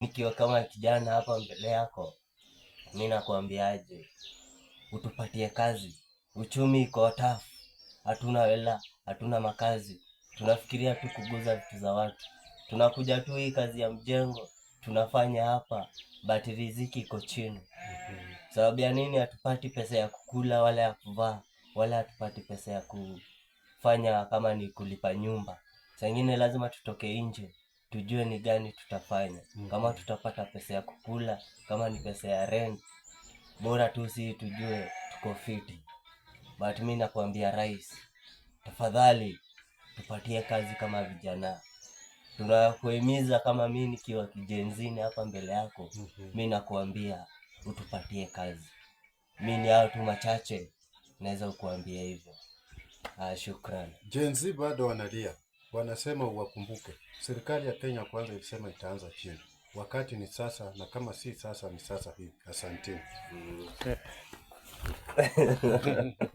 nikiwa kama kijana hapa mbele yako, mi nakwambiaje, utupatie kazi. Uchumi iko tafu, hatuna hela, hatuna makazi, tunafikiria tu kuguza vitu za watu. Tunakuja tu hii kazi ya mjengo tunafanya hapa, but riziki iko chini. Sababu ya nini hatupati pesa ya kukula wala ya kuvaa, wala hatupati pesa ya kufanya kama ni kulipa nyumba. Saa ingine lazima tutoke nje tujue ni gani tutafanya, mm-hmm. kama tutapata pesa ya kukula, kama ni pesa ya rent, bora tu si tujue tuko fiti. But mi nakwambia rais, tafadhali tupatie kazi kama vijana. Tunakuhimiza kama mi nikiwa kijenzini hapa mbele yako, mm-hmm. mi nakuambia utupatie kazi. Mi ni hao tu machache naweza kukuambia hivyo. Ah, shukrani. Jenzi bado wanalia. Wanasema uwakumbuke. Serikali ya Kenya Kwanza ilisema itaanza chini, wakati ni sasa, na kama si sasa ni sasa hivi. Asanteni. Mm.